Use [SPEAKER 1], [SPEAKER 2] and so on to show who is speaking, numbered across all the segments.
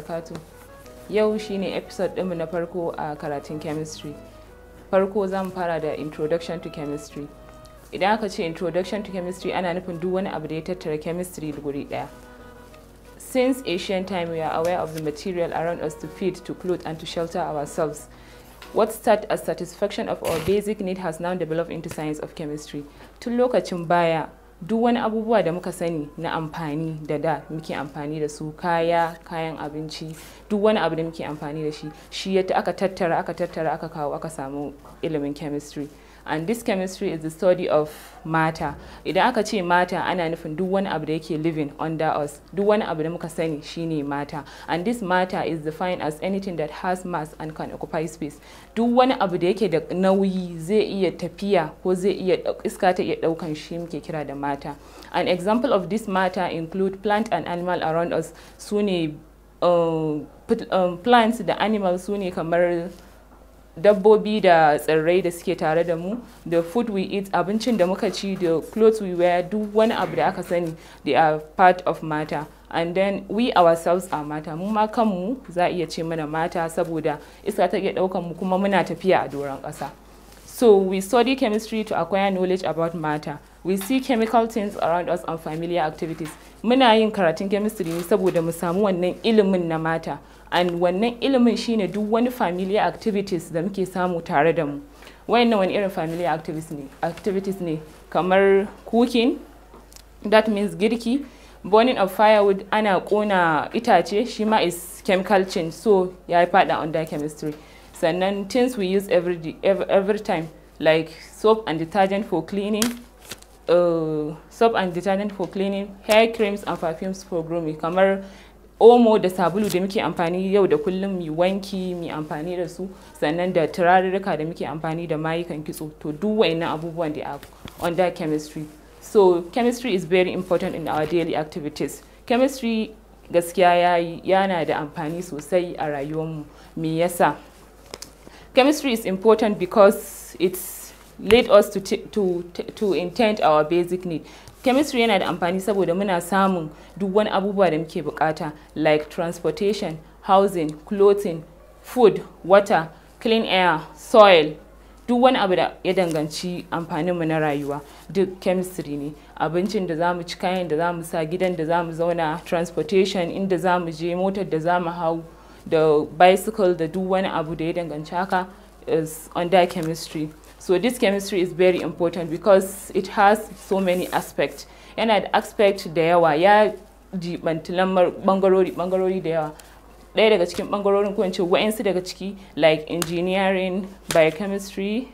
[SPEAKER 1] barakatu yau shine episode ɗinmu na farko a karatun chemistry farko zan fara da introduction to chemistry idan aka ce introduction to chemistry ana nufin duk wani abu da ya tattara chemistry guri ɗaya since ancient time we are aware of the material around us to feed to clothe and to shelter ourselves what start as satisfaction of our basic need has now developed into science of chemistry tun lokacin baya duk wani abubuwa da muka sani na amfani da da muke amfani da su kaya kayan abinci duk wani abu da muke amfani da shi shi ya aka tattara aka tattara aka kawo aka samu ilimin chemistry and this chemistry is the study of matter idan aka ce matter ana nufin duk wani abu da yake living under us duk wani abu da muka sani shine matter and this matter is defined as anything that has mass and can occupy space duk wani abu da yake da nauyi zai iya tafiya ko zai iya iska ta iya daukan shi muke kira da matter an example of this matter include plant and animal around us sune uh, um, plants da animals sune kamar dabbobi da tsirrai da suke tare da mu the food we eat abincin da muka ci the clothes we wear duk wani abu da aka sani they are part of matter and then we ourselves are mata mu ma kanmu za iya ce mana mata saboda iska ta iya ɗaukan mu kuma muna tafiya a doron ƙasa so we study chemistry to acquire knowledge about matter we see chemical things around us and familiar activities muna yin karatun chemistry ne saboda mu samu wannan ilimin na mata and wannan ilimin shine duk wani familiar activities da muke samu tare da mu wayannan wani irin familiar activities ne activities ne kamar cooking that means girki burning of firewood ana kona itace shi ma is chemical change so ya yi fada under chemistry sannan things we use every, every, every time like soap and detergent for cleaning uh, soap and detergent for cleaning hair creams and perfumes for grooming kamar omo da sabulu da muke amfani yau da kullum mu wanki mu amfani da su sannan da turarurruka da muke amfani da mayukan kitso to duk wayannan abubuwan da under chemistry so chemistry is very important in our daily activities chemistry gaskiya yayi yana da amfani sosai a rayuwarmu me yasa chemistry is important because it's lead us to, to, to intend our basic need chemistry yana da amfani saboda muna samun duk wani abubuwa da muke bukata like transportation housing clothing food water clean air soil duk wani abu da ya danganci amfaninmu na rayuwa duk chemistry ne abincin da zamu ci kayan da zamu sa gidan da zamu zauna transportation inda zamu je motar da zamu hau da bicycle da duk wani abu da ya danganci haka is under chemistry So this chemistry is very important because it has so many aspects. Yana da aspect da yawa ya jibanti bangarori bangarori da yawa. Ɗaya daga cikin bangarorin ko in wa'insu daga ciki like engineering, biochemistry,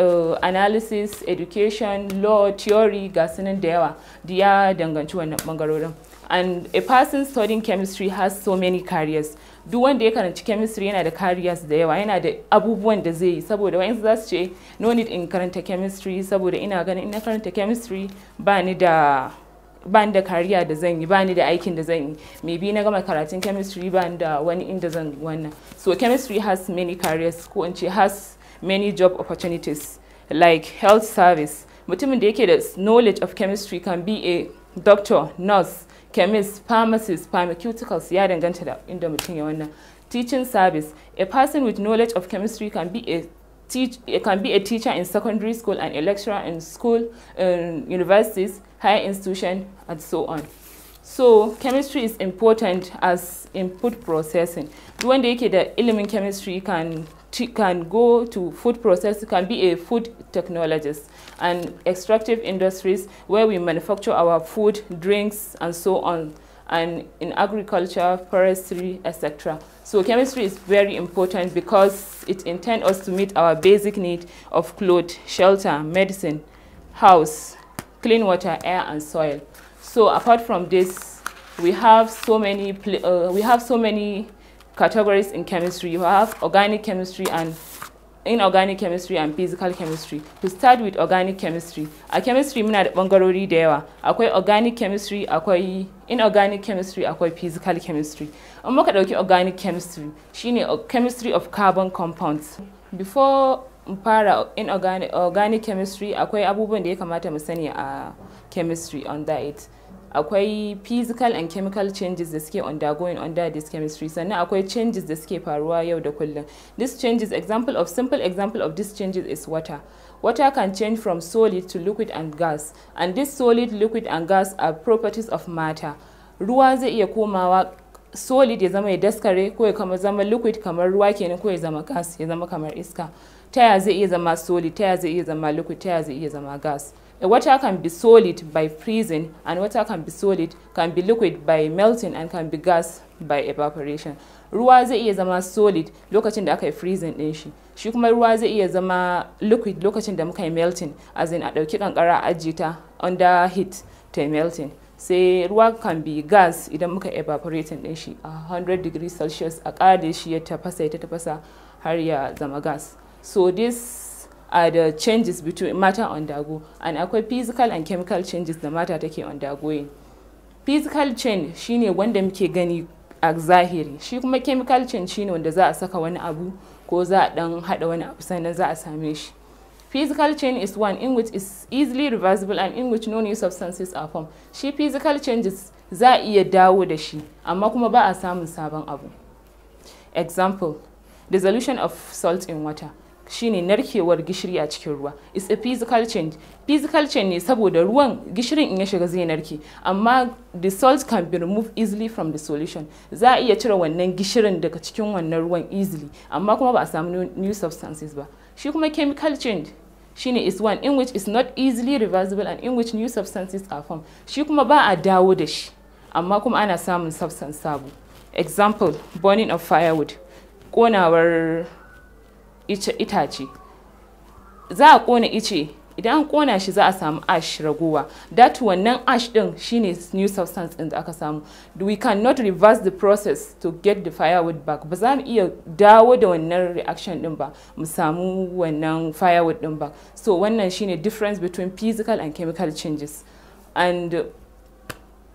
[SPEAKER 1] uh, analysis education law theory ga sunan da yawa da ya danganci wannan bangarorin and a person studying chemistry has so many careers duk wanda ya karanci chemistry yana da careers da yawa yana da abubuwan da zai yi saboda wayansu za su ce no need in karanta chemistry saboda ina ganin ina karanta chemistry ba ni da ban da kariya da zan yi ba ni da aikin da zan yi maybe na gama karatun chemistry ba da wani inda zan wannan so chemistry has many careers ko in ce has many job opportunities like health service. Mutumin da the knowledge of chemistry can be a doctor, nurse, chemist, pharmacist, pharmaceuticals ya danganta da inda mutum Teaching service. A person with knowledge of chemistry can be a teach, can be a teacher in secondary school and a lecturer in school, in universities, higher institution, and so on. So chemistry is important as input processing. Duk wanda yake the element chemistry can can go to food process, can be a food technologist and extractive industries where we manufacture our food, drinks, and so on, and in agriculture, forestry, etc. So chemistry is very important because it intends us to meet our basic need of clothes, shelter, medicine, house, clean water, air, and soil. So apart from this, we have so many, uh, we have so many categories in chemistry. You have organic chemistry and inorganic chemistry and physical chemistry. To start with organic chemistry, a chemistry muna bangarori da Akwai organic chemistry, akwai inorganic chemistry, akwai physical chemistry. In muka organic chemistry, Shini chemistry of carbon compounds. Before fara inorganic organic chemistry, akwai abubuwan da ya kamata mu sani a chemistry under it. akwai physical and chemical changes da suke undergoing under this chemistry sannan akwai changes da suke faruwa yau da kullum this changes example of simple example of this changes is water water can change from solid to liquid and gas and this solid liquid and gas are properties of matter ruwa zai iya komawa solid ya zama ya daskare ko ya kama zama liquid kamar ruwa kenan ko ya zama gas ya zama kamar iska taya zai iya zama solid taya zai iya zama liquid taya zai iya zama gas A water can be solid by freezing and water can be solid, can be liquid by melting and can be gas by evaporation. Ruwa zai iya zama solid lokacin da aka yi freezing din shi. Shi kuma ruwa zai iya zama liquid lokacin da muka yi melting, as in a ɗauki kankara ajiye ta under heat ta melting. Sai ruwa kan bi gas idan muka evaporating din shi a 100 degrees Celsius a kada shi ya tafasa ya tafasa har ya zama gas. So this are the changes between matter undergo and akwai physical and chemical changes da mata take undergoing physical change shine wanda muke gani a zahiri shi kuma chemical change shine wanda za a saka wani abu ko za a dan hada wani abu sannan za a same shi physical change is one in which is easily reversible and in which no new substances are formed shi physical changes za a iya dawo da shi amma kuma ba a samun sabon abu example dissolution of salt in water shine narkewar gishiri a cikin ruwa it's a physical change physical change ne saboda ruwan gishirin in ya shiga zai narke amma the salt can be removed easily from the solution za a iya cire wannan gishirin daga cikin wannan ruwan easily amma kuma ba a samu new substances ba shi kuma chemical change shine is one in which is not easily reversible and in which new substances are formed shi kuma ba a dawo da shi amma kuma ana samun substance sabo example burning of firewood konawar itace za a ƙona ice idan an kona shi za a samu ash ragowa that wannan ash din shine new substance din da aka samu we cannot reverse the process to get the firewood back ba za mu iya dawo da wannan reaction din ba mu samu wannan firewood din ba so wannan shine difference between physical and chemical changes and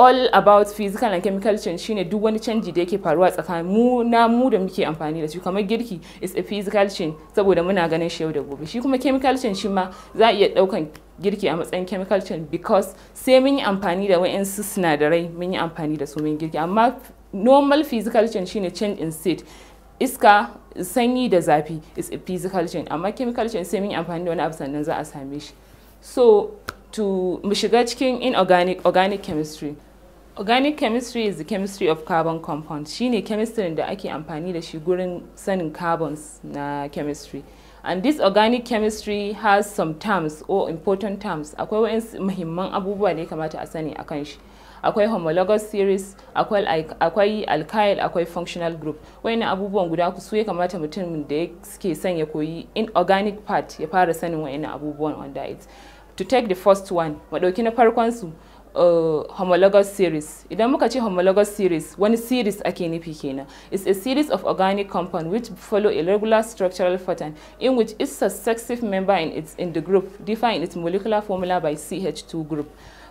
[SPEAKER 1] all about physical and chemical change shine duk wani canji da yake faruwa tsakanin mu na mu da muke amfani da shi kamar girki is a physical change saboda muna ganin shi yau da gobe shi kuma chemical change shi ma za a iya daukan girki a matsayin chemical change because sai mun yi amfani da wayansu sinadarai mun yi amfani da su mun girki amma normal physical change shine change in state iska sanyi da zafi is a physical change amma chemical change sai mun yi amfani da wani abu sannan za a same shi so to mu shiga cikin inorganic organic chemistry organic chemistry is the chemistry of carbon compound shine chemistry da ake amfani da shi gurin sanin carbons na chemistry and this organic chemistry has some terms or important terms akwai wa'in muhimman abubuwa da ya kamata a sani akan shi akwai homologous series akwai alkyl akwai functional group wayannan abubuwan guda ku su ya kamata mutum da ya suke son ya koyi inorganic part ya fara sanin wayannan abubuwan wanda it to take the first one madauki na farkon su uh, homologous series. Idan muka ce homologous series, wani series ake nufi kenan. It's a series of organic compound which follow a regular structural pattern in which each successive member in, its, in the group define its molecular formula by CH2 group.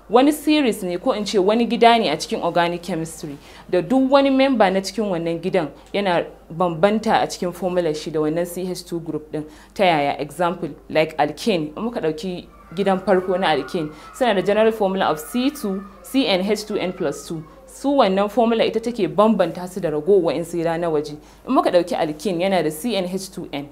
[SPEAKER 1] Wani series ne ko in ce wani gida ne a cikin organic chemistry da duk wani memba na cikin wannan gidan yana bambanta a cikin formula shi da wannan CH2 group din ta yaya example like alkene muka dauki gidan farko na alkene suna da general formula of c2 cnh2n plus 2 su wannan formula ita take bambanta su da ragowa in sira na waje in muka dauki alkene yana da cnh2n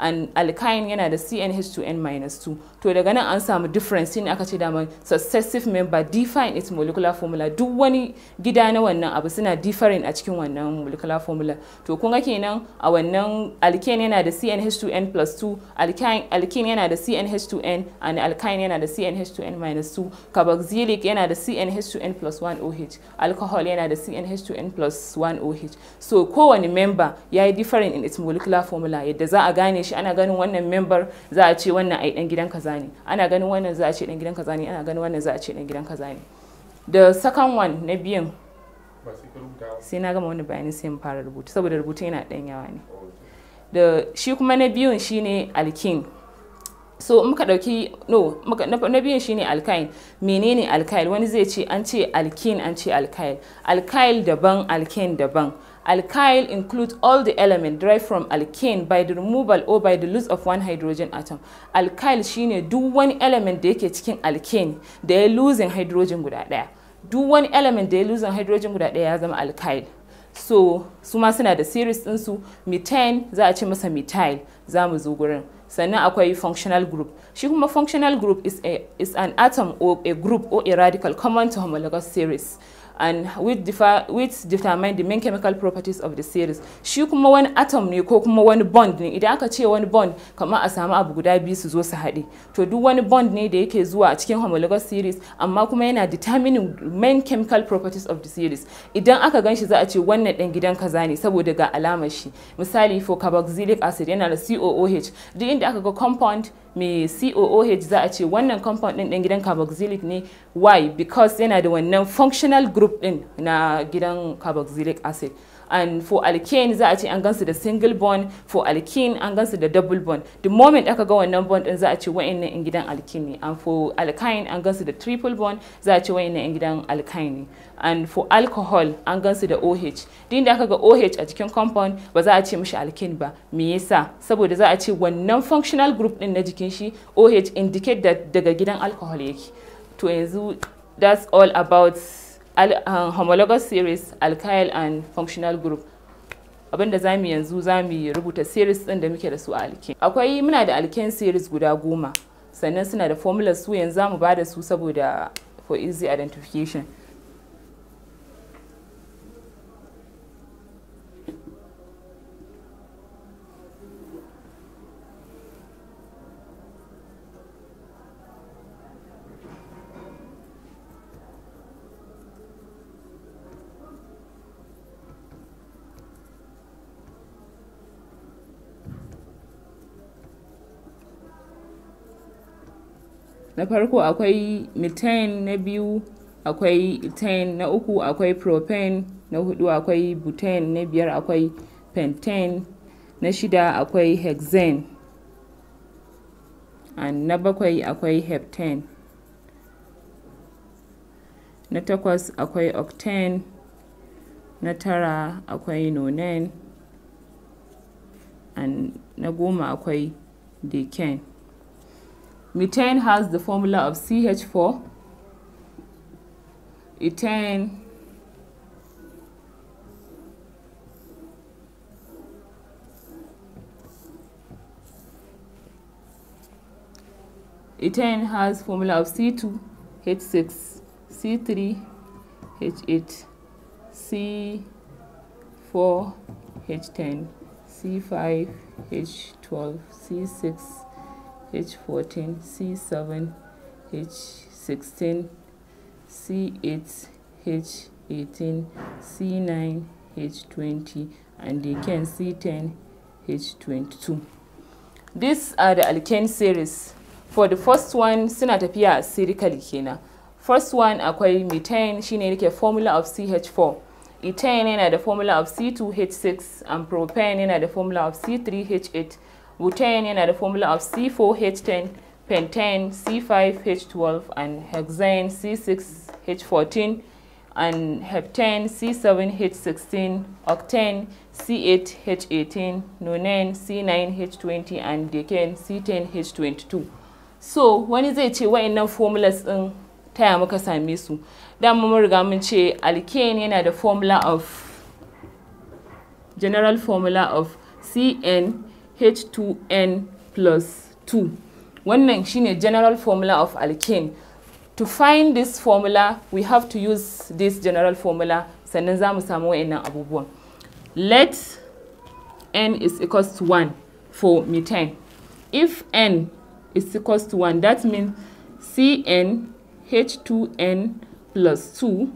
[SPEAKER 1] and alkyne yana da CnH2n-2 to daga nan an samu difference ne aka ce dama successive member define its molecular formula duk wani gida na wannan abu suna differing a cikin wannan molecular formula to kun ga kenan a wannan alkene yana da CnH2n plus yana da CnH2n and alkyne yana da CnH2n-2 carboxylic yana da CnH2n OH alcohol yana da CnH2n OH so kowane member ya yi differing in its molecular formula yadda za a gane shi ana ganin wannan member za a ce wannan ai dan gidan kaza ne ana ganin wannan za a ce dan gidan kaza ne ana ganin wannan za a ce dan gidan kaza ne the second one na biyan sai na gama wani bayanin sai mu fara rubutu saboda rubutun yana dan yawa ne da shi kuma na biyun shine alkin so muka dauki no na biyun shine alkail menene alkail wani zai ce an ce alkin an ce alkail alkail daban alkin daban Alkyl includes all the elements derived from alkane by the removal or by the loss of one hydrogen atom. Alkyl shine duk wani element da yake cikin alkane da ya losing hydrogen guda ɗaya. Duk wani element da ya losing hydrogen guda ɗaya ya zama alkyl. So su ma suna da series ɗinsu methane za a ce masa methyl za mu zo gurin. sannan akwai functional group shi kuma functional group is, a, is an atom or a group or a radical common to homologous series and which, differ, which determine the main chemical properties of the series shi kuma wani atom ne ko kuma wani bond ne idan aka ce wani bond kamar a samu abu guda biyu su zo su haɗe to duk wani bond ne da yake zuwa a cikin homologous series amma kuma yana determining main chemical properties of the series idan aka gan shi za a ce wannan ɗan gidan kaza ne saboda ga alamar shi misali for carboxylic acid yana da COOH duk inda aka ga compound mai COOH za a ce wannan compound ɗin gidan carboxylic ne why because yana da wannan functional group ɗin na gidan carboxylic acid and for alkane za a ce an gansu da single bond for alkene an gansu da double bond the moment aka ga wannan bond din za a ce wa'annan in gidan alkene and for alkyne an gansu da triple bond za a ce wa'annan in gidan alkyne and for alcohol an gansu da OH din da aka ga OH a cikin compound ba za a ce mishi alkene ba me yasa saboda za a ce wannan functional group din na jikin shi OH indicate that daga gidan alcohol yake to yanzu that's all about al, um, homologous series alkyl and functional group abinda za mu yanzu za mu rubuta series ɗin da muke da su a alkene akwai muna da alkene series guda goma sannan suna da formulas su yanzu za mu ba da su saboda for easy identification na farko akwai methane na biyu akwai ethane na uku akwai propane na hudu akwai butane na biyar akwai pentane na shida akwai hexane and na bakwai akwai heptane na takwas akwai octane na tara akwai nonane na goma akwai decane Methane has the formula of CH4, ethane, ethane has formula of C2, H6, C3, H8, C4, H10, C5, H12, C6, h14 c7 h16 c8 h18 c9 h20 and again c10 h22 these are the alkane series for the first one suna tafiya serically first one akwai methane shine yake formula of ch4 ethane yana da formula of c2h6 and propane yana da formula of c3h8 Butanene are the formula of C4H10, pentane C5H12, and hexane C6H14, and heptane C7H16, octane C8H18, nonane C9H20, and decane C10H22. So, it? zai ce wa'annan formulas ɗin taya muka same su. Dama riga mun ce alkane yana da formula of general formula of CN H2N plus 2. Wannan shine general formula of alkane. To find this formula, we have to use this general formula sannan za mu samu wa'annan abubuwan. Let n is equals to 1 for methane. If n is equals to 1, that means Cn H2n plus 2,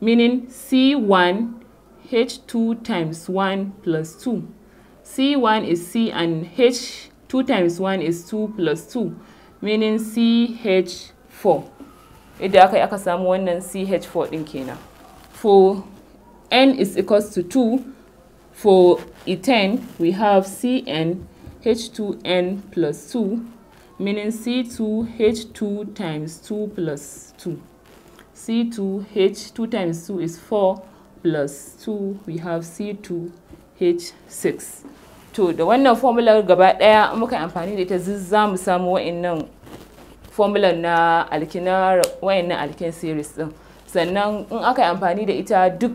[SPEAKER 1] meaning C1 H2 times 1 plus 2. C1 is C and H 2 times 1 is 2 plus 2 meaning CH4 idan aka yi aka samu wannan CH4 din kena. for N is equals to 2 for ethane we have CN H2N plus 2 meaning C2H2 times 2 plus 2 C2H2 times 2 is 4 plus 2 we have C2H6 to da wannan formula gaba daya muka amfani da ita za mu samu wa'annan formula na alkinar wa'annan alkin series din sannan in aka amfani da ita duk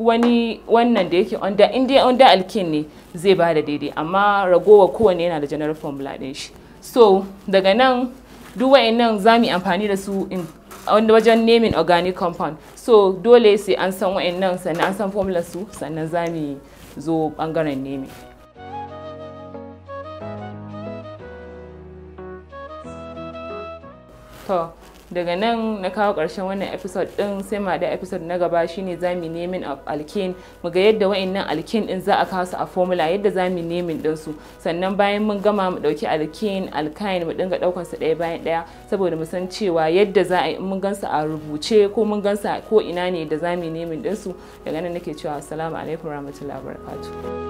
[SPEAKER 1] wani wannan da yake under in dai onda alkin ne zai ba da daidai amma ragowa kowane yana da general formula din shi so daga nan duk wa'annan za mu yi amfani da su in wajen naming organic compound so dole sai an san wa'annan sannan an san formula su sannan za mu zo bangaren naming to daga nan na kawo ƙarshen wannan episode ɗin sai ma da episode na gaba shine zamu naming of alkene mu ga yadda wa'annan alkene din za a kawo su a formula yadda zamu naming din su sannan bayan mun gama mu dauki alkene alkyne mu dinga daukan su ɗaya bayan ɗaya saboda mu san cewa yadda za a mun gansa a rubuce ko mun gansa ko ina ne da zamu naming din su daga nan nake cewa assalamu alaikum warahmatullahi wabarakatuh